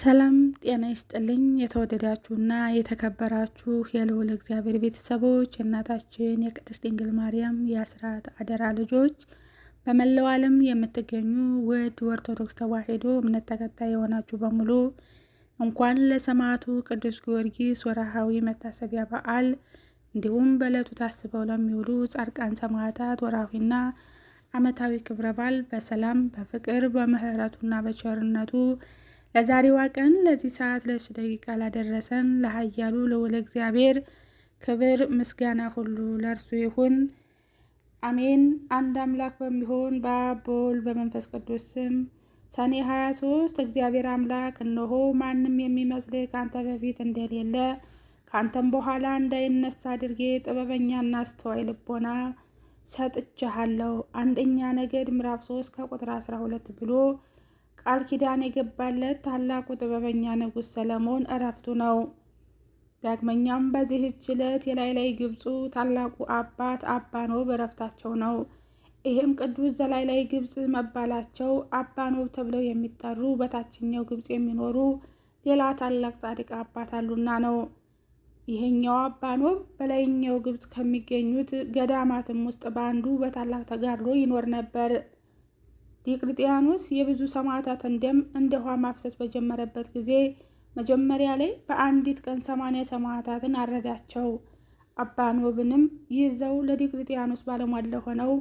ሰላም ጤና ይስጥልኝ። የተወደዳችሁና የተከበራችሁ የልዑል እግዚአብሔር ቤተሰቦች የእናታችን የቅድስት ድንግል ማርያም የአስራት አደራ ልጆች በመላው ዓለም የምትገኙ ውድ ኦርቶዶክስ ተዋሕዶ እምነት ተከታይ የሆናችሁ በሙሉ እንኳን ለሰማዕቱ ቅዱስ ጊዮርጊስ ወርሃዊ መታሰቢያ በዓል እንዲሁም በዕለቱ ታስበው ለሚውሉ ጻድቃን ሰማዕታት ወራዊና ዓመታዊ ክብረ በዓል በሰላም በፍቅር በምሕረቱና በቸርነቱ ለዛሬዋ ቀን ለዚህ ሰዓት ለእሱ ደቂቃ ላደረሰን ለሀያሉ ለወለ እግዚአብሔር ክብር ምስጋና ሁሉ ለእርሱ ይሁን፣ አሜን። አንድ አምላክ በሚሆን በአብ በወልድ በመንፈስ ቅዱስ ስም ሰኔ 23 እግዚአብሔር አምላክ እነሆ ማንም የሚመስልህ ከአንተ በፊት እንደሌለ ከአንተም በኋላ እንዳይነሳ አድርጌ ጥበበኛና አስተዋይ ልቦና ሰጥቼሃለሁ። አንደኛ ነገድ ምዕራፍ 3 ከቁጥር 12 ብሎ ቃል ኪዳን የገባለት ታላቁ ጥበበኛ ንጉሥ ሰለሞን እረፍቱ ነው። ዳግመኛም በዚህች ዕለት የላይ ላይ ግብፁ ታላቁ አባት አባኖብ እረፍታቸው ነው። ይህም ቅዱስ ዘላይ ላይ ግብፅ መባላቸው አባኖብ ተብለው የሚጠሩ በታችኛው ግብፅ የሚኖሩ ሌላ ታላቅ ጻድቅ አባት አሉና ነው። ይሄኛው አባኖብ በላይኛው ግብፅ ከሚገኙት ገዳማትም ውስጥ በአንዱ በታላቅ ተጋድሎ ይኖር ነበር። ዲቅልጥያኖስ የብዙ ሰማዕታትን ደም እንደ ውሃ ማፍሰስ በጀመረበት ጊዜ መጀመሪያ ላይ በአንዲት ቀን ሰማንያ ሰማዕታትን አረዳቸው። አባኖብንም ይዘው ለዲቅልጥያኖስ ባለሟለ ሆነው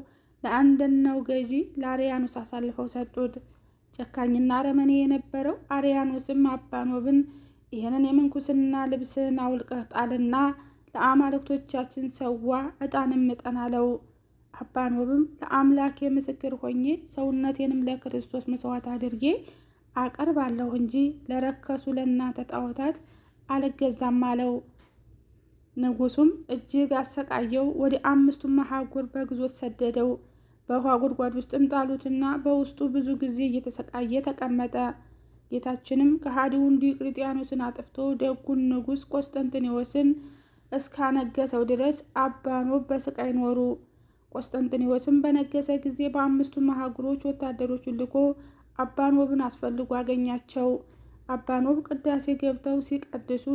ለአንደኛው ገዢ ለአርያኖስ አሳልፈው ሰጡት። ጨካኝና አረመኔ የነበረው አርያኖስም አባኖብን ይህንን የምንኩስና ልብስን አውልቀህ ጣልና ለአማልክቶቻችን ሰዋ፣ ዕጣንም እጠን አለው። አባኖብም ለአምላኬ ምስክር ሆኜ ሰውነቴንም ለክርስቶስ መስዋዕት አድርጌ አቀርባለሁ እንጂ ለረከሱ ለእናንተ ጣዖታት አልገዛም አለው። ንጉሱም እጅግ አሰቃየው፣ ወደ አምስቱ መሀጉር በግዞት ሰደደው። በውሃ ጉድጓድ ውስጥም ጣሉትና በውስጡ ብዙ ጊዜ እየተሰቃየ ተቀመጠ። ጌታችንም ከሃዲውን ዲዮቅልጥያኖስን አጥፍቶ ደጉን ንጉስ ቆስጠንጢኖስን እስካነገሰው ድረስ አባኖብ በስቃይ ኖሩ። ቆስጠንጥኔዎስም በነገሰ ጊዜ በአምስቱ አህጉሮች ወታደሮቹን ልኮ አባኖብን አስፈልጎ አገኛቸው። አባኖብ ቅዳሴ ገብተው ሲቀድሱ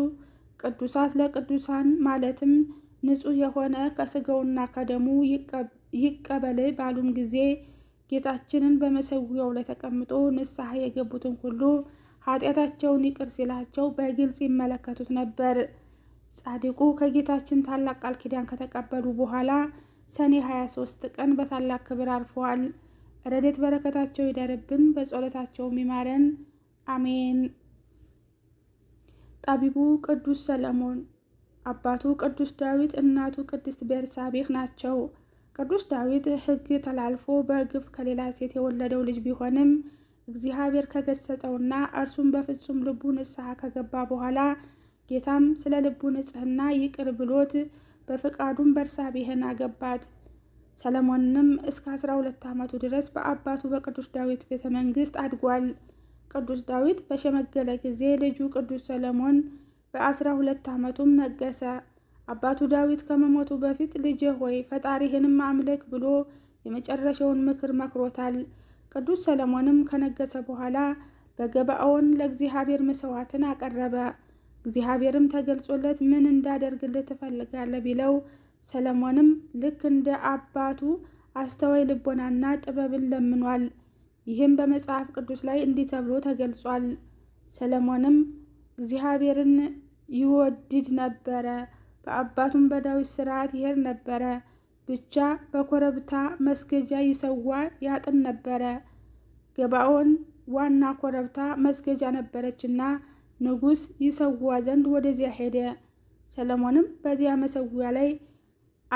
ቅዱሳት ለቅዱሳን ማለትም ንጹሕ የሆነ ከስጋውና ከደሙ ይቀበል ባሉም ጊዜ ጌታችንን በመሰዊያው ላይ ተቀምጦ ንስሐ የገቡትን ሁሉ ኃጢአታቸውን ይቅር ሲላቸው በግልጽ ይመለከቱት ነበር። ጻድቁ ከጌታችን ታላቅ ቃል ኪዳን ከተቀበሉ በኋላ ሰኔ 23 ቀን በታላቅ ክብር አርፈዋል። ረዴት በረከታቸው ይደርብን፣ በጸሎታቸው ይማረን፣ አሜን። ጠቢቡ ቅዱስ ሰለሞን አባቱ ቅዱስ ዳዊት እናቱ ቅድስት ቤርሳቤህ ናቸው። ቅዱስ ዳዊት ሕግ ተላልፎ በግፍ ከሌላ ሴት የወለደው ልጅ ቢሆንም እግዚአብሔር ከገሰጸውና እርሱም በፍጹም ልቡ ንስሐ ከገባ በኋላ ጌታም ስለ ልቡ ንጽሕና ይቅር ብሎት በፍቃዱም በርሳቤህን አገባት። ሰለሞንም እስከ አስራ ሁለት ዓመቱ ድረስ በአባቱ በቅዱስ ዳዊት ቤተ መንግስት አድጓል። ቅዱስ ዳዊት በሸመገለ ጊዜ ልጁ ቅዱስ ሰለሞን በአስራ ሁለት ዓመቱም ነገሰ። አባቱ ዳዊት ከመሞቱ በፊት ልጄ ሆይ ፈጣሪህንም አምልክ ብሎ የመጨረሻውን ምክር መክሮታል። ቅዱስ ሰለሞንም ከነገሰ በኋላ በገባኦን ለእግዚአብሔር መስዋዕትን አቀረበ። እግዚአብሔርም ተገልጾለት ምን እንዳደርግልህ ትፈልጋለህ ቢለው ሰለሞንም ልክ እንደ አባቱ አስተዋይ ልቦናና ጥበብን ለምኗል። ይህም በመጽሐፍ ቅዱስ ላይ እንዲህ ተብሎ ተገልጿል። ሰለሞንም እግዚአብሔርን ይወድድ ነበረ፣ በአባቱም በዳዊት ስርዓት ይሄድ ነበረ። ብቻ በኮረብታ መስገጃ ይሰዋ ያጥን ነበረ። ገባኦን ዋና ኮረብታ መስገጃ ነበረችና ንጉስ ይሰዋ ዘንድ ወደዚያ ሄደ። ሰለሞንም በዚያ መሰዊያ ላይ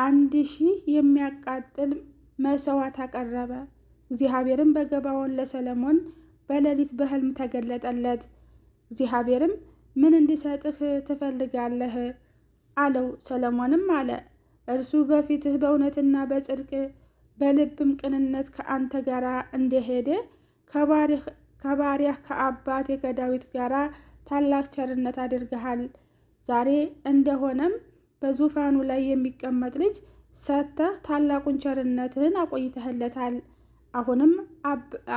አንድ ሺህ የሚያቃጥል መሰዋት አቀረበ። እግዚአብሔርም በገባዖን ለሰለሞን በሌሊት በህልም ተገለጠለት። እግዚአብሔርም ምን እንዲሰጥህ ትፈልጋለህ አለው። ሰለሞንም አለ እርሱ በፊትህ በእውነትና በጽድቅ በልብም ቅንነት ከአንተ ጋር እንደሄደ ከባሪያህ ከአባቴ ከዳዊት ጋር ታላቅ ቸርነት አድርገሃል። ዛሬ እንደሆነም በዙፋኑ ላይ የሚቀመጥ ልጅ ሰጥተህ ታላቁን ቸርነትህን አቆይተህለታል። አሁንም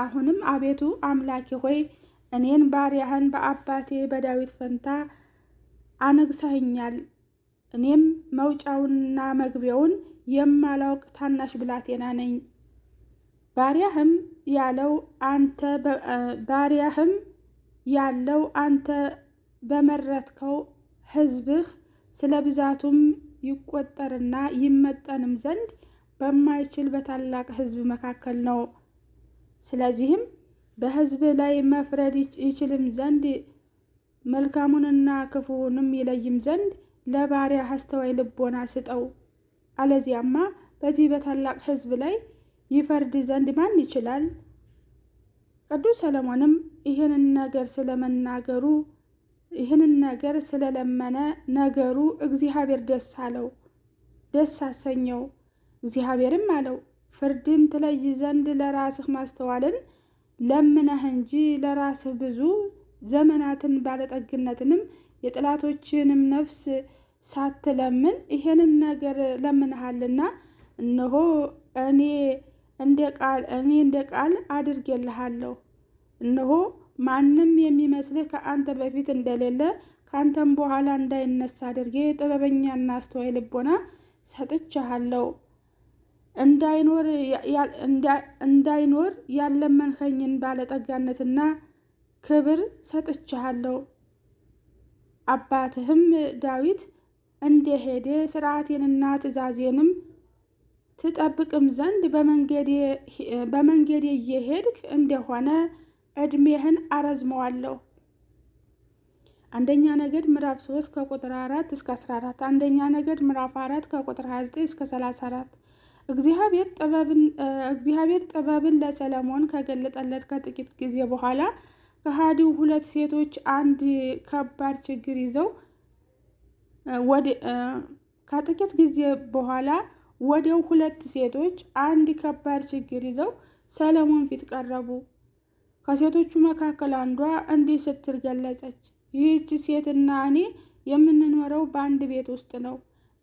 አሁንም አቤቱ አምላኬ ሆይ እኔን ባሪያህን በአባቴ በዳዊት ፈንታ አነግሰህኛል እኔም መውጫውንና መግቢያውን የማላውቅ ታናሽ ብላቴና ነኝ። ባሪያህም ያለው አንተ ባሪያህም ያለው አንተ በመረትከው ህዝብህ ስለ ብዛቱም ይቆጠርና ይመጠንም ዘንድ በማይችል በታላቅ ህዝብ መካከል ነው። ስለዚህም በህዝብ ላይ መፍረድ ይችልም ዘንድ መልካሙንና ክፉውንም ይለይም ዘንድ ለባሪያ አስተዋይ ልቦና ስጠው። አለዚያማ በዚህ በታላቅ ህዝብ ላይ ይፈርድ ዘንድ ማን ይችላል? ቅዱስ ሰለሞንም ይህንን ነገር ስለመናገሩ ይህንን ነገር ስለለመነ ነገሩ እግዚአብሔር ደስ አለው፣ ደስ አሰኘው። እግዚአብሔርም አለው ፍርድን ትለይ ዘንድ ለራስህ ማስተዋልን ለምነህ እንጂ ለራስህ ብዙ ዘመናትን ባለጠግነትንም የጥላቶችንም ነፍስ ሳትለምን ይሄንን ነገር ለምንሃልና እነሆ እኔ እንደ ቃል እኔ እንደ ቃል አድርጌልሃለሁ። እነሆ ማንም የሚመስልህ ከአንተ በፊት እንደሌለ ከአንተም በኋላ እንዳይነሳ አድርጌ ጥበበኛና አስተዋይ ልቦና ሰጥቼሃለሁ። እንዳይኖር ያለመንኸኝን ባለጠጋነትና ክብር ሰጥቼሃለሁ። አባትህም ዳዊት እንደሄደ ሥርዓቴንና ትእዛዜንም ትጠብቅም ዘንድ በመንገዴ እየሄድክ እንደሆነ እድሜህን አረዝመዋለሁ። አንደኛ ነገድ ምዕራፍ 3 ከቁጥር 4 እስከ 14። አንደኛ ነገድ ምዕራፍ 4 ከቁጥር 29 እስከ 34። እግዚአብሔር ጥበብን ለሰለሞን ከገለጠለት ከጥቂት ጊዜ በኋላ ከሃዲው ሁለት ሴቶች አንድ ከባድ ችግር ይዘው ከጥቂት ጊዜ በኋላ ወዲያው ሁለት ሴቶች አንድ ከባድ ችግር ይዘው ሰለሞን ፊት ቀረቡ። ከሴቶቹ መካከል አንዷ እንዲህ ስትል ገለጸች። ይህች ሴትና እኔ የምንኖረው በአንድ ቤት ውስጥ ነው።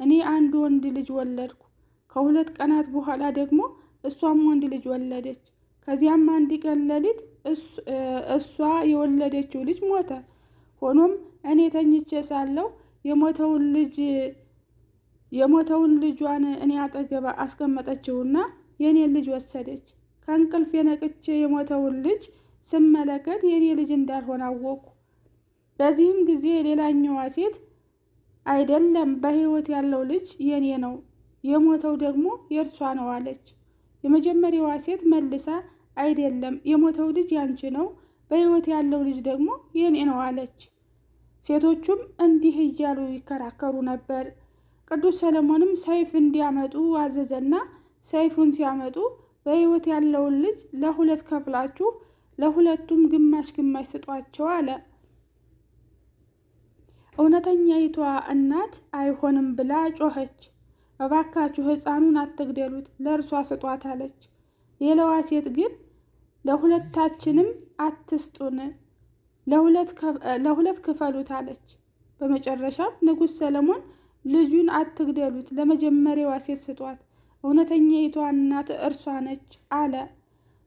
እኔ አንድ ወንድ ልጅ ወለድኩ። ከሁለት ቀናት በኋላ ደግሞ እሷም ወንድ ልጅ ወለደች። ከዚያም አንድ ቀን ሌሊት እሷ የወለደችው ልጅ ሞተ። ሆኖም እኔ ተኝቼ ሳለው የሞተውን ልጅ የሞተውን ልጇን እኔ አጠገባ አስቀመጠችውና የእኔን ልጅ ወሰደች። ከእንቅልፍ የነቅቼ የሞተውን ልጅ ስመለከት የእኔ ልጅ እንዳልሆነ አወቅኩ። በዚህም ጊዜ ሌላኛዋ ሴት አይደለም በሕይወት ያለው ልጅ የእኔ ነው፣ የሞተው ደግሞ የእርሷ ነው አለች። የመጀመሪያዋ ሴት መልሳ አይደለም የሞተው ልጅ ያንቺ ነው፣ በሕይወት ያለው ልጅ ደግሞ የእኔ ነው አለች። ሴቶቹም እንዲህ እያሉ ይከራከሩ ነበር። ቅዱስ ሰለሞንም ሰይፍ እንዲያመጡ አዘዘና ሰይፉን ሲያመጡ በሕይወት ያለውን ልጅ ለሁለት ከፍላችሁ ለሁለቱም ግማሽ ግማሽ ስጧቸው አለ። እውነተኛይቷ እናት አይሆንም ብላ ጮኸች። እባካችሁ ሕፃኑን አትግደሉት፣ ለእርሷ ስጧት አለች። ሌላዋ ሴት ግን ለሁለታችንም አትስጡን፣ ለሁለት ክፈሉት አለች። በመጨረሻም ንጉሥ ሰለሞን ልጁን አትግደሉት፣ ለመጀመሪያዋ ሴት ስጧት፣ እውነተኛይቷ እናት እርሷ ነች አለ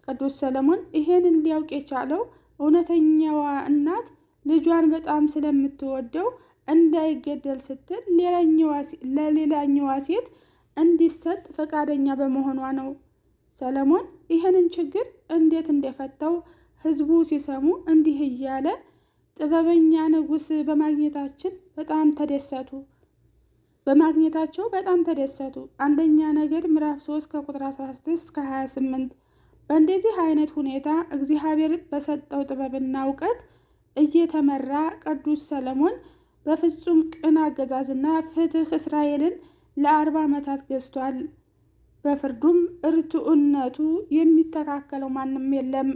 ቅዱስ ሰለሞን። ይሄንን ሊያውቅ የቻለው እውነተኛዋ እናት ልጇን በጣም ስለምትወደው እንዳይገደል ስትል ለሌላኛዋ ሴት እንዲሰጥ ፈቃደኛ በመሆኗ ነው። ሰለሞን ይህንን ችግር እንዴት እንደፈታው ህዝቡ ሲሰሙ እንዲህ እያለ ጥበበኛ ንጉሥ በማግኘታችን በጣም ተደሰቱ። በማግኘታቸው በጣም ተደሰቱ። አንደኛ ነገድ ምዕራፍ 3 ከቁጥር 16 እስከ 28። በእንደዚህ አይነት ሁኔታ እግዚአብሔር በሰጠው ጥበብና እውቀት እየተመራ ቅዱስ ሰለሞን በፍጹም ቅን አገዛዝና ፍትህ እስራኤልን ለአርባ ዓመታት ገዝቷል። በፍርዱም እርቱዕነቱ የሚተካከለው ማንም የለም።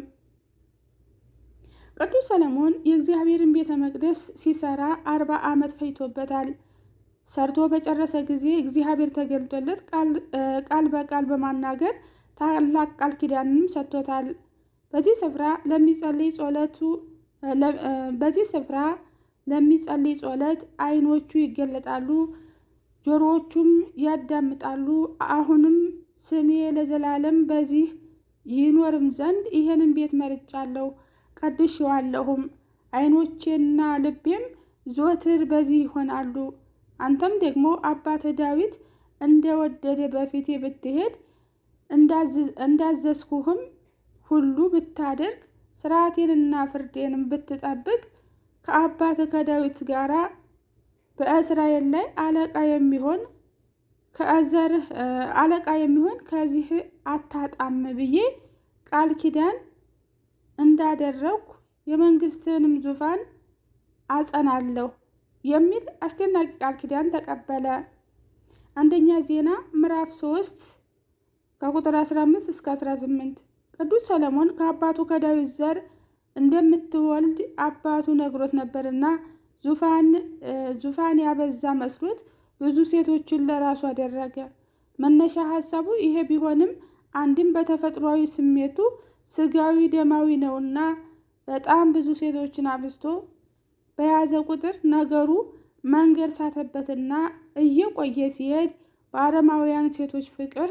ቅዱስ ሰለሞን የእግዚአብሔርን ቤተ መቅደስ ሲሰራ አርባ ዓመት ፈይቶበታል። ሰርቶ በጨረሰ ጊዜ እግዚአብሔር ተገልጦለት ቃል በቃል በማናገር ታላቅ ቃል ኪዳንም ሰጥቶታል። በዚህ ስፍራ ለሚጸልይ ጸሎቱ በዚህ ስፍራ ለሚጸልይ ጸሎት አይኖቹ ይገለጣሉ፣ ጆሮዎቹም ያዳምጣሉ። አሁንም ስሜ ለዘላለም በዚህ ይኖርም ዘንድ ይህንን ቤት መርጫለሁ፣ ቀድሼዋለሁም። አይኖቼና ልቤም ዞትር በዚህ ይሆናሉ። አንተም ደግሞ አባተ ዳዊት እንደወደደ በፊቴ ብትሄድ እንዳዘዝኩህም ሁሉ ብታደርግ ስርዓቴንና ፍርዴንም ብትጠብቅ ከአባተ ከዳዊት ጋር በእስራኤል ላይ አለቃ የሚሆን ከዘርህ አለቃ የሚሆን ከዚህ አታጣም ብዬ ቃል ኪዳን እንዳደረግኩ የመንግስትንም ዙፋን አጸናለሁ የሚል አስደናቂ ቃል ኪዳን ተቀበለ። አንደኛ ዜና ምዕራፍ 3 ከቁጥር 15 እስከ 18 ቅዱስ ሰለሞን ከአባቱ ከዳዊት ዘር እንደምትወልድ አባቱ ነግሮት ነበርና ዙፋን ያበዛ መስሎት ብዙ ሴቶችን ለራሱ አደረገ። መነሻ ሀሳቡ ይሄ ቢሆንም አንድም በተፈጥሯዊ ስሜቱ ስጋዊ ደማዊ ነውና በጣም ብዙ ሴቶችን አብዝቶ በያዘ ቁጥር ነገሩ መንገድ ሳተበትና እየቆየ ሲሄድ በአረማውያን ሴቶች ፍቅር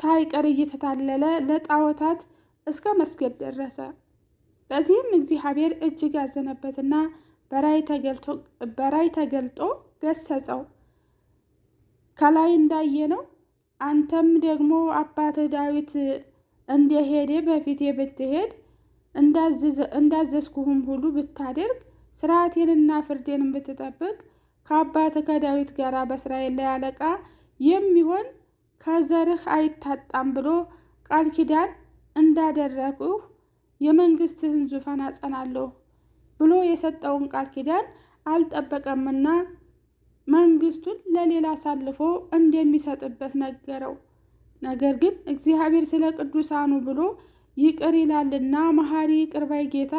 ሳይቀር እየተታለለ ለጣዖታት እስከ መስገድ ደረሰ። በዚህም እግዚአብሔር እጅግ ያዘነበትና በራይ ተገልጦ ገሰጸው። ከላይ እንዳየ ነው! አንተም ደግሞ አባት ዳዊት እንደሄደ በፊቴ ብትሄድ እንዳዘዝኩህም ሁሉ ብታደርግ ስርዓቴንና ፍርዴን ብትጠብቅ ከአባት ከዳዊት ጋር በእስራኤል ላይ አለቃ የሚሆን ከዘርህ አይታጣም ብሎ ቃል ኪዳን እንዳደረግሁ የመንግስትህን ዙፋን አጸናለሁ ብሎ የሰጠውን ቃል ኪዳን አልጠበቀምና መንግስቱን ለሌላ አሳልፎ እንደሚሰጥበት ነገረው። ነገር ግን እግዚአብሔር ስለ ቅዱሳኑ ብሎ ይቅር ይላልና መሐሪ ይቅር ባይ ጌታ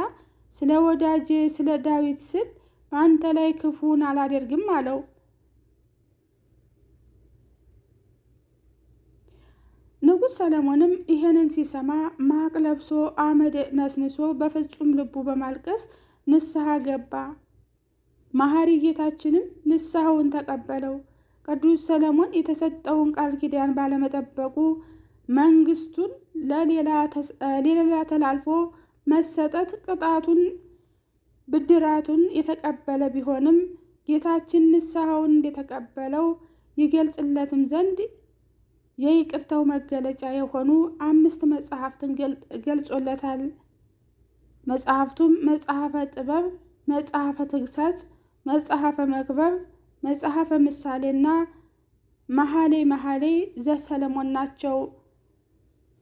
ስለ ወዳጄ ስለ ዳዊት ስል በአንተ ላይ ክፉን አላደርግም አለው። ንጉሥ ሰለሞንም ይህንን ሲሰማ ማቅ ለብሶ አመድ ነስንሶ በፍጹም ልቡ በማልቀስ ንስሐ ገባ። መሐሪ ጌታችንም ንስሐውን ተቀበለው። ቅዱስ ሰለሞን የተሰጠውን ቃል ኪዳን ባለመጠበቁ መንግስቱን ለሌላ ተላልፎ መሰጠት ቅጣቱን ብድራቱን የተቀበለ ቢሆንም ጌታችን ንስሐውን እንደተቀበለው ይገልጽለትም ዘንድ የይቅርታው መገለጫ የሆኑ አምስት መጽሐፍትን ገልጾለታል። መጽሐፍቱም መጽሐፈ ጥበብ፣ መጽሐፈ ትግሳጽ፣ መጽሐፈ መክበብ፣ መጽሐፈ ምሳሌና መሐሌ መሐሌ ዘሰለሞን ናቸው።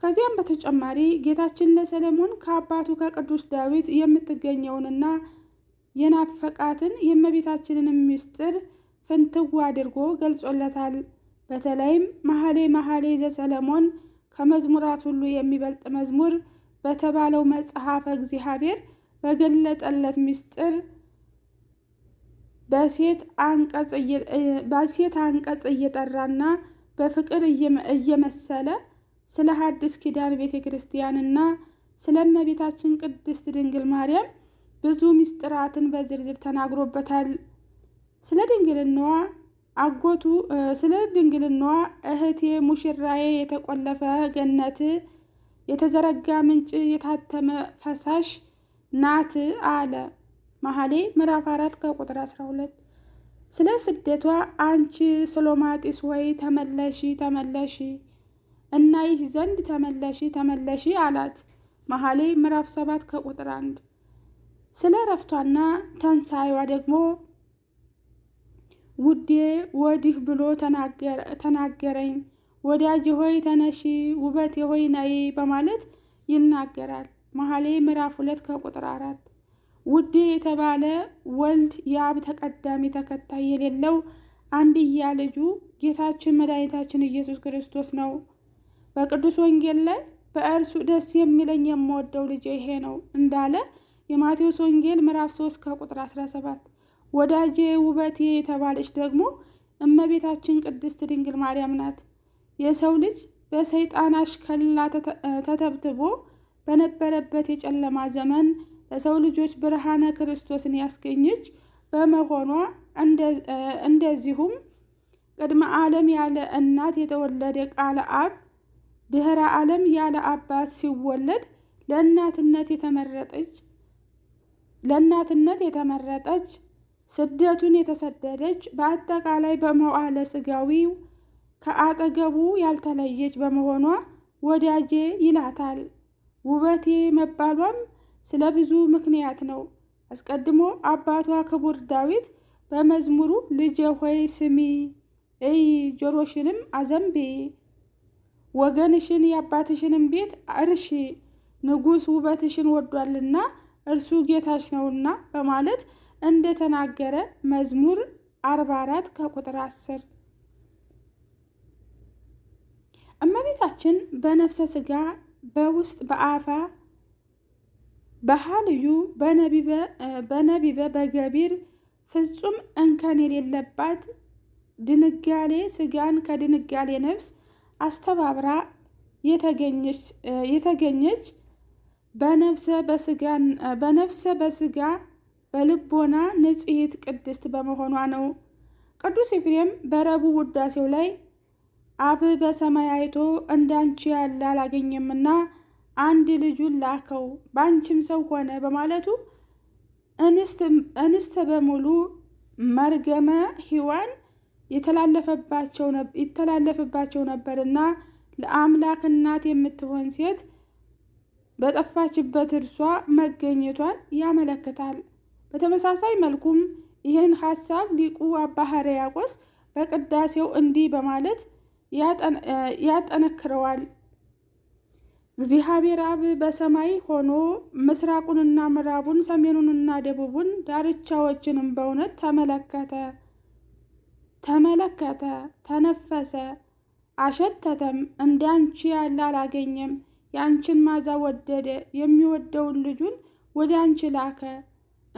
ከዚያም በተጨማሪ ጌታችን ለሰለሞን ከአባቱ ከቅዱስ ዳዊት የምትገኘውንና የናፈቃትን የእመቤታችንን ምስጢር ፍንትው አድርጎ ገልጾለታል። በተለይም መሐሌ መሐሌ ዘሰለሞን ከመዝሙራት ሁሉ የሚበልጥ መዝሙር በተባለው መጽሐፈ እግዚአብሔር በገለጠለት ምስጢር በሴት አንቀጽ እየጠራና በፍቅር እየመሰለ ስለ ሐዲስ ኪዳን ቤተ ክርስቲያንና ስለ እመቤታችን ቅድስት ድንግል ማርያም ብዙ ምስጢራትን በዝርዝር ተናግሮበታል። ስለ ድንግልናዋ አጎቱ ስለ ድንግልናዋ እህቴ ሙሽራዬ የተቆለፈ ገነት የተዘረጋ ምንጭ የታተመ ፈሳሽ ናት አለ። መኃልየ ምዕራፍ አራት ከቁጥር አስራ ሁለት ስለ ስደቷ አንቺ ሶሎማጢስ ወይ ተመለሺ ተመለሺ እና ይህ ዘንድ ተመለሺ ተመለሺ አላት። መሐሌ ምዕራፍ ሰባት ከቁጥር አንድ ስለ እረፍቷና ተንሳይዋ ደግሞ ውዴ ወዲህ ብሎ ተናገረኝ፣ ወዳጅ ሆይ ተነሺ፣ ውበቴ ሆይ ነይ በማለት ይናገራል። መሐሌ ምዕራፍ ሁለት ከቁጥር አራት ውዴ የተባለ ወልድ የአብ ተቀዳሚ ተከታይ የሌለው አንድያ ልጁ ጌታችን መድኃኒታችን ኢየሱስ ክርስቶስ ነው። በቅዱስ ወንጌል ላይ በእርሱ ደስ የሚለኝ የምወደው ልጄ ይሄ ነው እንዳለ የማቴዎስ ወንጌል ምዕራፍ 3 ከቁጥር 17 ወዳጄ ውበቴ የተባለች ደግሞ እመቤታችን ቅድስት ድንግል ማርያም ናት። የሰው ልጅ በሰይጣን አሽከላ ተተብትቦ በነበረበት የጨለማ ዘመን ለሰው ልጆች ብርሃነ ክርስቶስን ያስገኘች በመሆኗ እንደዚሁም ቅድመ ዓለም ያለ እናት የተወለደ ቃለ አብ ድህረ ዓለም ያለ አባት ሲወለድ ለእናትነት የተመረጠች ለእናትነት የተመረጠች ስደቱን የተሰደደች በአጠቃላይ በመዋለ ስጋዊው ከአጠገቡ ያልተለየች በመሆኗ ወዳጄ ይላታል። ውበቴ መባሏም ስለ ብዙ ምክንያት ነው። አስቀድሞ አባቷ ክቡር ዳዊት በመዝሙሩ ልጄ ሆይ ስሚ፣ እይ፣ ጆሮሽንም አዘንብዪ ወገንሽን የአባትሽንም ቤት እርሺ፣ ንጉሥ ውበትሽን ወዷልና እርሱ ጌታሽ ነውና በማለት እንደተናገረ መዝሙር 44 ከቁጥር 10። እመቤታችን በነፍሰ ስጋ በውስጥ በአፋ በሀልዩ በነቢበ በገቢር ፍጹም እንከን የሌለባት ድንጋሌ ስጋን ከድንጋሌ ነፍስ አስተባብራ የተገኘች በነፍሰ በስጋ በልቦና ንጽሕት ቅድስት በመሆኗ ነው። ቅዱስ ኤፍሬም በረቡዕ ውዳሴው ላይ አብ በሰማይ አይቶ እንዳንቺ ያለ አላገኘምና አንድ ልጁን ላከው በአንቺም ሰው ሆነ በማለቱ እንስተ በሙሉ መርገመ ሔዋን ይተላለፍባቸው ነበርና ለአምላክ እናት የምትሆን ሴት በጠፋችበት እርሷ መገኘቷን ያመለክታል። በተመሳሳይ መልኩም ይህን ሀሳብ ሊቁ አባ ሕርያቆስ በቅዳሴው እንዲህ በማለት ያጠነክረዋል። እግዚአብሔር አብ በሰማይ ሆኖ ምስራቁንና ምዕራቡን ሰሜኑንና ደቡቡን ዳርቻዎችንም በእውነት ተመለከተ። ተመለከተ፣ ተነፈሰ፣ አሸተተም። እንደ አንቺ ያለ አላገኘም። የአንቺን ማዛ ወደደ። የሚወደውን ልጁን ወደ አንቺ ላከ።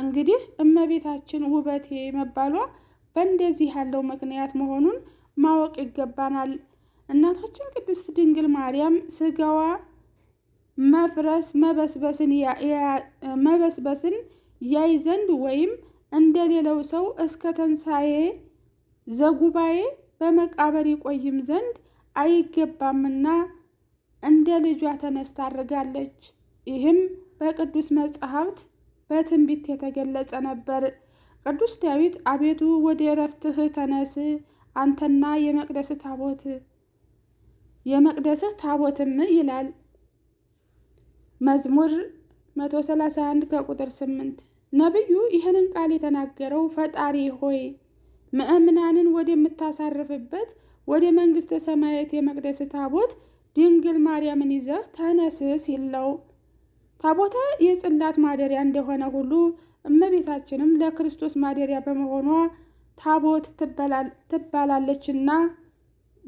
እንግዲህ እመቤታችን ውበቴ መባሏ በእንደዚህ ያለው ምክንያት መሆኑን ማወቅ ይገባናል። እናታችን ቅድስት ድንግል ማርያም ስጋዋ መፍረስ መበስበስን ያይ ዘንድ ወይም እንደሌለው ሰው እስከ ተንሳኤ ዘጉባኤ በመቃብር ይቆይም ዘንድ አይገባምና እንደ ልጇ ተነስታ አድርጋለች። ይህም በቅዱስ መጽሐፍት በትንቢት የተገለጸ ነበር። ቅዱስ ዳዊት አቤቱ ወደ እረፍትህ ተነስ፣ አንተና የመቅደስህ ታቦት የመቅደስህ ታቦትም ይላል። መዝሙር 131 ከቁጥር 8 ነቢዩ ይህንን ቃል የተናገረው ፈጣሪ ሆይ ምእምናንን ወደምታሳርፍበት ወደ መንግሥተ ሰማያት የመቅደስ ታቦት ድንግል ማርያምን ይዘህ ተነስ ሲለው ታቦተ የጽላት ማደሪያ እንደሆነ ሁሉ እመቤታችንም ለክርስቶስ ማደሪያ በመሆኗ ታቦት ትባላለችና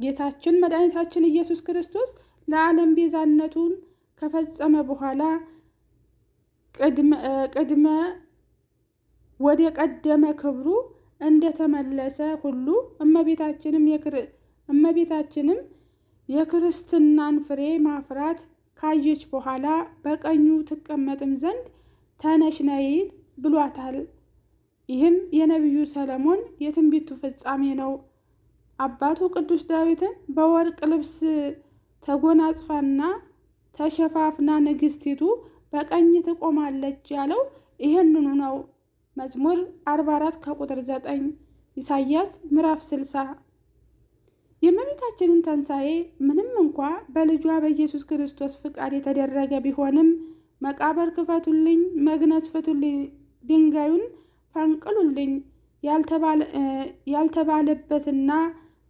ጌታችን መድኃኒታችን ኢየሱስ ክርስቶስ ለዓለም ቤዛነቱን ከፈጸመ በኋላ ቅድመ ወደ ቀደመ ክብሩ እንደተመለሰ ሁሉ እመቤታችንም እመቤታችንም የክርስትናን ፍሬ ማፍራት ካየች በኋላ በቀኙ ትቀመጥም ዘንድ ተነሽ ነይ ብሏታል። ይህም የነቢዩ ሰለሞን የትንቢቱ ፍጻሜ ነው። አባቱ ቅዱስ ዳዊትን በወርቅ ልብስ ተጎናጽፋና ተሸፋፍና ንግስቲቱ በቀኝ ትቆማለች ያለው ይህንኑ ነው። መዝሙር 44 ከቁጥር 9፣ ኢሳይያስ ምዕራፍ 60። የእመቤታችንን ትንሣኤ ምንም እንኳ በልጇ በኢየሱስ ክርስቶስ ፍቃድ የተደረገ ቢሆንም መቃብር ክፈቱልኝ፣ መግነዝ ፍቱልኝ፣ ድንጋዩን ፈንቅሉልኝ ያልተባለበትና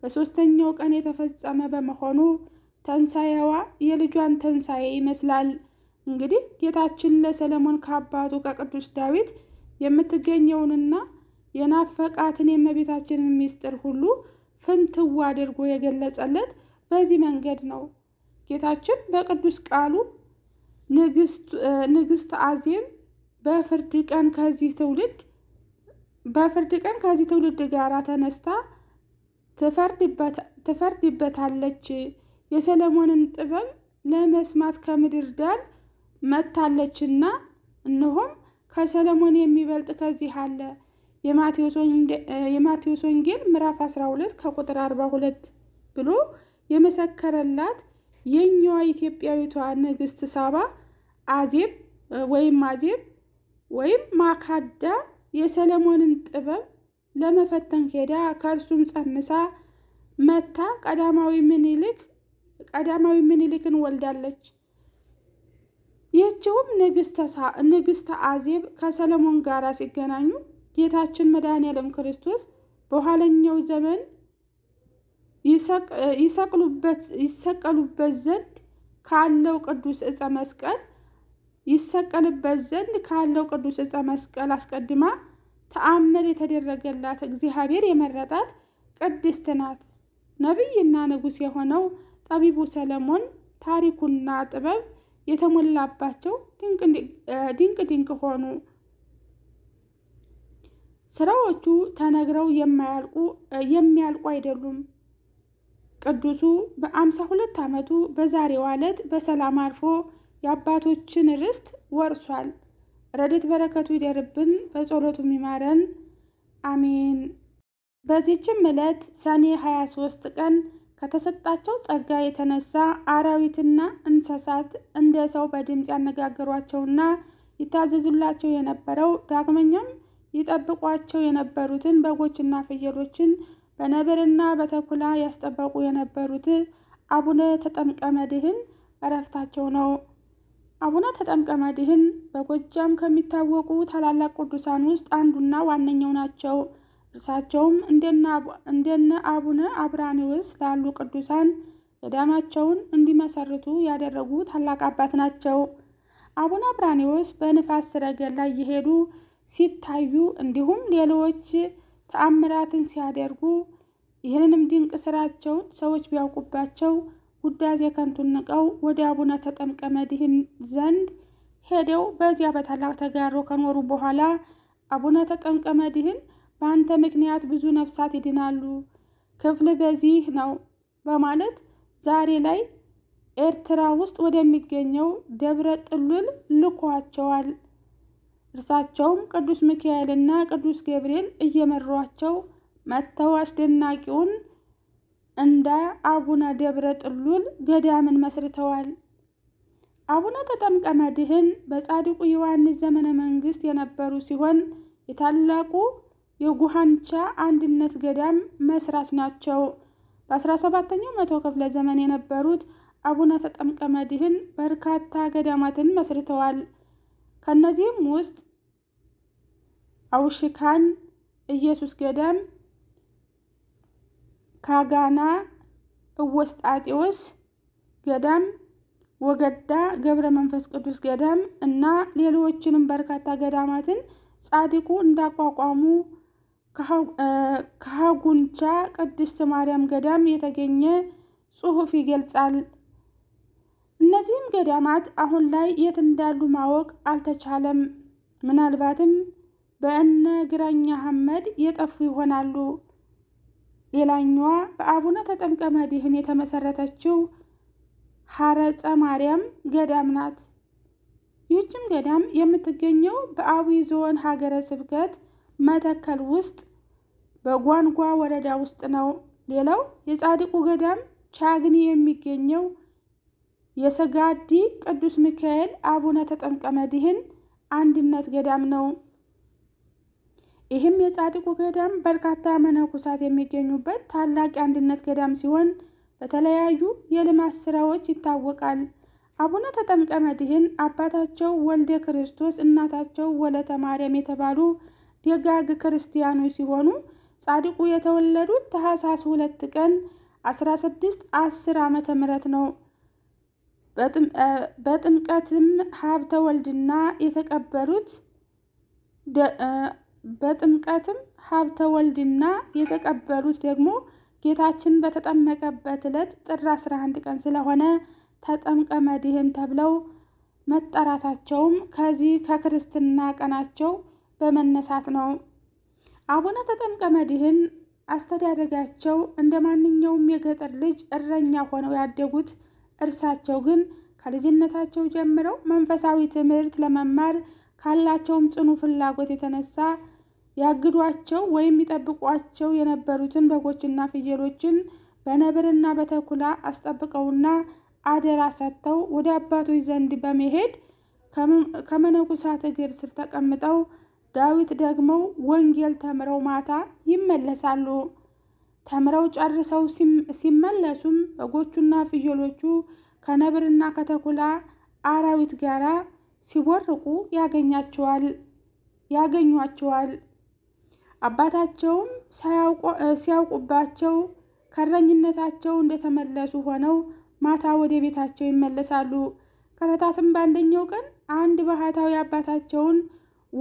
በሦስተኛው ቀን የተፈጸመ በመሆኑ ተንሣኤዋ የልጇን ተንሣኤ ይመስላል። እንግዲህ ጌታችን ለሰለሞን ከአባቱ ከቅዱስ ዳዊት የምትገኘውንና የናፈቃትን የእመቤታችንን ምስጢር ሁሉ ፍንትው አድርጎ የገለጸለት በዚህ መንገድ ነው። ጌታችን በቅዱስ ቃሉ ንግስት አዜም በፍርድ ቀን ከዚህ ትውልድ በፍርድ ቀን ከዚህ ትውልድ ጋር ተነስታ ትፈርድበታለች፣ የሰለሞንን ጥበብ ለመስማት ከምድር ዳር መታለችና እነሆም ከሰለሞን የሚበልጥ ከዚህ አለ። የማቴዎስ ወንጌል ምዕራፍ 12 ከቁጥር 42 ብሎ የመሰከረላት የኛዋ ኢትዮጵያዊቷ ንግስት ሳባ አዜብ ወይም አዜብ ወይም ማካዳ የሰለሞንን ጥበብ ለመፈተን ሄዳ ከእርሱም ጸንሳ መታ ቀዳማዊ ምኒልክ ቀዳማዊ ምኒልክን ወልዳለች። ይህችውም ንግሥተ አዜብ ከሰለሞን ጋር ሲገናኙ ጌታችን መድኃኔዓለም ክርስቶስ በኋለኛው ዘመን ይሰቀሉበት ዘንድ ካለው ቅዱስ እፀ መስቀል ይሰቀልበት ዘንድ ካለው ቅዱስ እፀ መስቀል አስቀድማ ተአምር የተደረገላት እግዚአብሔር የመረጣት ቅድስት ናት። ነቢይና ንጉሥ የሆነው ጠቢቡ ሰለሞን ታሪኩና ጥበብ የተሞላባቸው ድንቅ ድንቅ ሆኑ። ስራዎቹ ተነግረው የማያልቁ የሚያልቁ አይደሉም። ቅዱሱ በአምሳ ሁለት ዓመቱ በዛሬው ዕለት በሰላም አልፎ የአባቶችን ርስት ወርሷል። ረድኤት በረከቱ ይደርብን፣ በጸሎቱ ይማረን፣ አሜን። በዚህችም ዕለት ሰኔ 23 ቀን ከተሰጣቸው ጸጋ የተነሳ አራዊትና እንስሳት እንደ ሰው በድምፅ ያነጋገሯቸውና ይታዘዙላቸው የነበረው ዳግመኛም ይጠብቋቸው የነበሩትን በጎችና ፍየሎችን በነብርና በተኩላ ያስጠበቁ የነበሩት አቡነ ተጠምቀ መድኅን እረፍታቸው ነው። አቡነ ተጠምቀ መድኅን በጎጃም ከሚታወቁ ታላላቅ ቅዱሳን ውስጥ አንዱና ዋነኛው ናቸው። እርሳቸውም እንደነ አቡነ አብራኒዎስ ላሉ ቅዱሳን ገዳማቸውን እንዲመሰርቱ ያደረጉ ታላቅ አባት ናቸው። አቡነ አብራኒዎስ በንፋስ ሰረገላ ላይ እየሄዱ ሲታዩ እንዲሁም ሌሎች ተአምራትን ሲያደርጉ ይህንንም ድንቅ ስራቸውን ሰዎች ቢያውቁባቸው ውዳሴ ከንቱን ንቀው ወደ አቡነ ተጠምቀ መድኅን ዘንድ ሄደው በዚያ በታላቅ ተጋሮ ከኖሩ በኋላ አቡነ ተጠምቀ ድህን በአንተ ምክንያት ብዙ ነፍሳት ይድናሉ። ክፍል በዚህ ነው በማለት ዛሬ ላይ ኤርትራ ውስጥ ወደሚገኘው ደብረ ጥሉል ልኳቸዋል። እርሳቸውም ቅዱስ ሚካኤልና ቅዱስ ገብርኤል እየመሯቸው መጥተው አስደናቂውን እንደ አቡነ ደብረ ጥሉል ገዳምን መስርተዋል። አቡነ ተጠምቀ መድህን በጻድቁ ዮሐንስ ዘመነ መንግስት የነበሩ ሲሆን የታላቁ የጉሃንቻ አንድነት ገዳም መስራች ናቸው። በ17ኛው መቶ ክፍለ ዘመን የነበሩት አቡነ ተጠምቀ መድህን በርካታ ገዳማትን መስርተዋል። ከእነዚህም ውስጥ አውሽካን ኢየሱስ ገዳም፣ ካጋና እወስጣጤዎስ ገዳም፣ ወገዳ ገብረ መንፈስ ቅዱስ ገዳም እና ሌሎችንም በርካታ ገዳማትን ጻድቁ እንዳቋቋሙ ከሀጉንቻ ቅድስት ማርያም ገዳም የተገኘ ጽሑፍ ይገልጻል። እነዚህም ገዳማት አሁን ላይ የት እንዳሉ ማወቅ አልተቻለም። ምናልባትም በእነ ግራኛ አህመድ የጠፉ ይሆናሉ። ሌላኛዋ በአቡነ ተጠምቀ መድኅን የተመሰረተችው ሐረፀ ማርያም ገዳም ናት። ይህችም ገዳም የምትገኘው በአዊ ዞን ሀገረ ስብከት መተከል ውስጥ በጓንጓ ወረዳ ውስጥ ነው። ሌላው የጻድቁ ገዳም ቻግኒ የሚገኘው የሰጋዲ ቅዱስ ሚካኤል አቡነ ተጠምቀ መድኅን አንድነት ገዳም ነው። ይህም የጻድቁ ገዳም በርካታ መነኮሳት የሚገኙበት ታላቅ የአንድነት ገዳም ሲሆን በተለያዩ የልማት ስራዎች ይታወቃል። አቡነ ተጠምቀ መድኅን አባታቸው ወልደ ክርስቶስ፣ እናታቸው ወለተ ማርያም የተባሉ ደጋግ ክርስቲያኖች ሲሆኑ ጻድቁ የተወለዱት ታኅሳስ ሁለት ቀን 16 10 ዓመተ ምህረት ነው። በጥምቀትም ሀብተ ወልድና የተቀበሩት በጥምቀትም ሀብተ ወልድና የተቀበሩት ደግሞ ጌታችን በተጠመቀበት ዕለት ጥር 11 ቀን ስለሆነ ተጠምቀ መድህን ተብለው መጠራታቸውም ከዚህ ከክርስትና ቀናቸው በመነሳት ነው። አቡነ ተጠምቀ ዲህን አስተዳደጋቸው እንደ ማንኛውም የገጠር ልጅ እረኛ ሆነው ያደጉት፣ እርሳቸው ግን ከልጅነታቸው ጀምረው መንፈሳዊ ትምህርት ለመማር ካላቸውም ጽኑ ፍላጎት የተነሳ ያግዷቸው ወይም ይጠብቋቸው የነበሩትን በጎችና ፍየሎችን በነብርና በተኩላ አስጠብቀውና አደራ ሰጥተው ወደ አባቶች ዘንድ በመሄድ ከመነኩሳት እግር ስር ተቀምጠው ዳዊት ደግሞ ወንጌል ተምረው ማታ ይመለሳሉ። ተምረው ጨርሰው ሲመለሱም በጎቹና ፍየሎቹ ከነብርና ከተኩላ አራዊት ጋር ሲቦርቁ ያገኛቸዋል ያገኟቸዋል። አባታቸውም ሲያውቁባቸው ከረኝነታቸው እንደተመለሱ ሆነው ማታ ወደ ቤታቸው ይመለሳሉ። ከረታትም በአንደኛው ቀን አንድ ባህታዊ አባታቸውን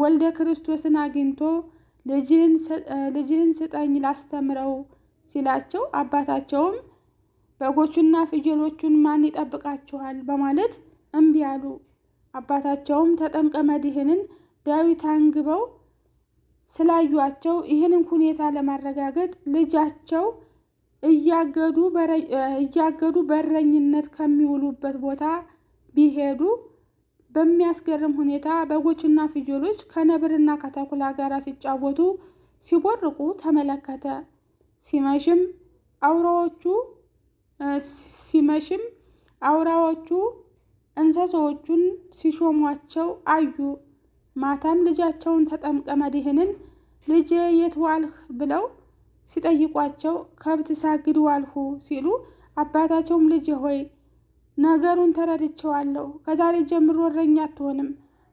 ወልደ ክርስቶስን አግኝቶ ልጅህን ስጠኝ ላስተምረው ሲላቸው አባታቸውም በጎቹና ፍየሎቹን ማን ይጠብቃችኋል በማለት እምቢ አሉ። አባታቸውም ተጠምቀ መድህንን ዳዊት አንግበው ስላዩቸው ይህንን ሁኔታ ለማረጋገጥ ልጃቸው እያገዱ በረኝነት ከሚውሉበት ቦታ ቢሄዱ በሚያስገርም ሁኔታ በጎችና ፍየሎች ከነብርና ከተኩላ ጋር ሲጫወቱ ሲቦርቁ ተመለከተ። ሲመሽም አውራዎቹ ሲመሽም አውራዎቹ እንስሳዎቹን ሲሾሟቸው አዩ። ማታም ልጃቸውን ተጠምቀ መድህንን ልጄ የት ዋልህ ብለው ሲጠይቋቸው ከብት ሳግድ ዋልሁ ሲሉ አባታቸውም ልጅ ሆይ ነገሩን ተረድቼዋለሁ። ከዛሬ ጀምሮ እረኛ አትሆንም፣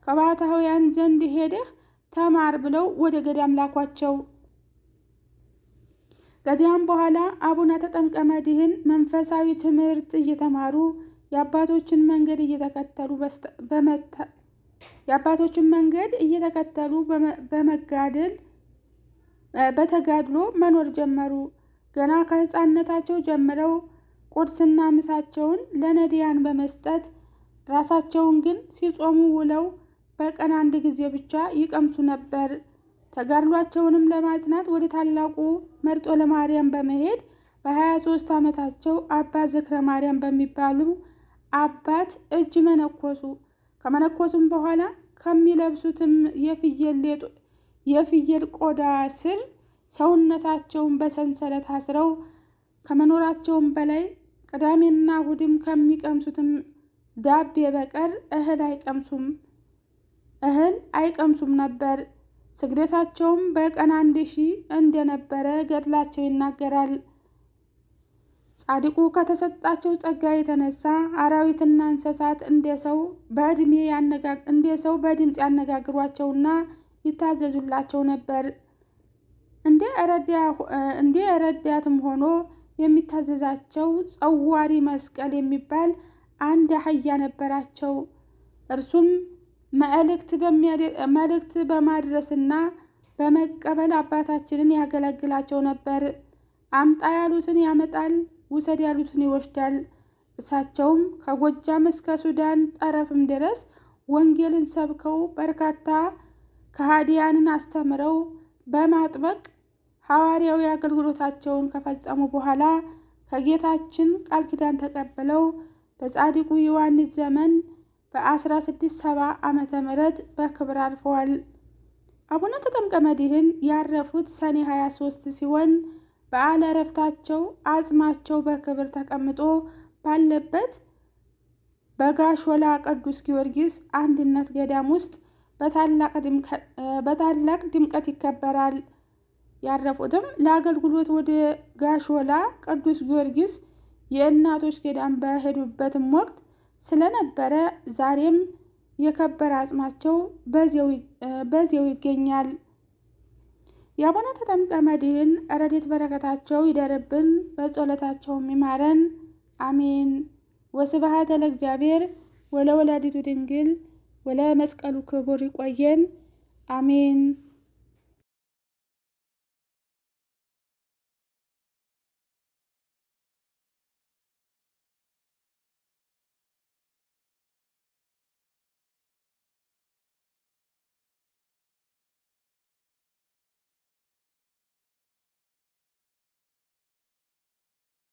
ከባህታውያን ዘንድ ሄደህ ተማር ብለው ወደ ገዳም ላኳቸው። ከዚያም በኋላ አቡነ ተጠምቀ መድህን መንፈሳዊ ትምህርት እየተማሩ የአባቶችን መንገድ እየተከተሉ የአባቶችን መንገድ እየተከተሉ በመጋደል በተጋድሎ መኖር ጀመሩ። ገና ከሕፃንነታቸው ጀምረው ቁርስና ምሳቸውን ለነዳያን በመስጠት ራሳቸውን ግን ሲጾሙ ውለው በቀን አንድ ጊዜ ብቻ ይቀምሱ ነበር። ተጋድሏቸውንም ለማጽናት ወደ ታላቁ መርጦ ለማርያም በመሄድ በ23 ዓመታቸው አባ ዝክረ ማርያም በሚባሉ አባት እጅ መነኮሱ። ከመነኮሱም በኋላ ከሚለብሱትም የፍየል ቆዳ ስር ሰውነታቸውን በሰንሰለት አስረው ከመኖራቸውም በላይ ቅዳሜና እሑድም ከሚቀምሱትም ዳቤ በቀር እህል አይቀምሱም እህል አይቀምሱም ነበር። ስግደታቸውም በቀን አንድ ሺህ እንደነበረ ገድላቸው ይናገራል። ጻድቁ ከተሰጣቸው ጸጋ የተነሳ አራዊትና እንስሳት እንደ ሰው እንደ ሰው በድምፅ ያነጋግሯቸውና ይታዘዙላቸው ነበር። እንደ ረዳትም ሆኖ የሚታዘዛቸው ጸዋሪ መስቀል የሚባል አንድ አህያ ነበራቸው። እርሱም መልእክት በማድረስና በመቀበል አባታችንን ያገለግላቸው ነበር። አምጣ ያሉትን ያመጣል፣ ውሰድ ያሉትን ይወስዳል። እሳቸውም ከጎጃም እስከ ሱዳን ጠረፍም ድረስ ወንጌልን ሰብከው በርካታ ከሃዲያንን አስተምረው በማጥበቅ ሐዋርያዊ አገልግሎታቸውን ከፈጸሙ በኋላ ከጌታችን ቃል ኪዳን ተቀብለው በጻድቁ ዮሐንስ ዘመን በ1670 ዓመተ ምህረት በክብር አርፈዋል። አቡነ ተጠምቀ መድኅን ያረፉት ሰኔ 23 ሲሆን በዓለ እረፍታቸው አጽማቸው በክብር ተቀምጦ ባለበት በጋሾላ ቅዱስ ጊዮርጊስ አንድነት ገዳም ውስጥ በታላቅ ድምቀት ይከበራል። ያረፉትም ለአገልግሎት ወደ ጋሾላ ቅዱስ ጊዮርጊስ የእናቶች ገዳም በሄዱበትም ወቅት ስለነበረ ዛሬም የከበረ አጽማቸው በዚያው ይገኛል። የአቡነ ተጠምቀ መድህን ረድኤት በረከታቸው ይደርብን፣ በጸሎታቸውም ይማረን፣ አሜን። ወስብሐት ለእግዚአብሔር ወለወላዲቱ ድንግል ወለመስቀሉ ክቡር ይቆየን፣ አሜን።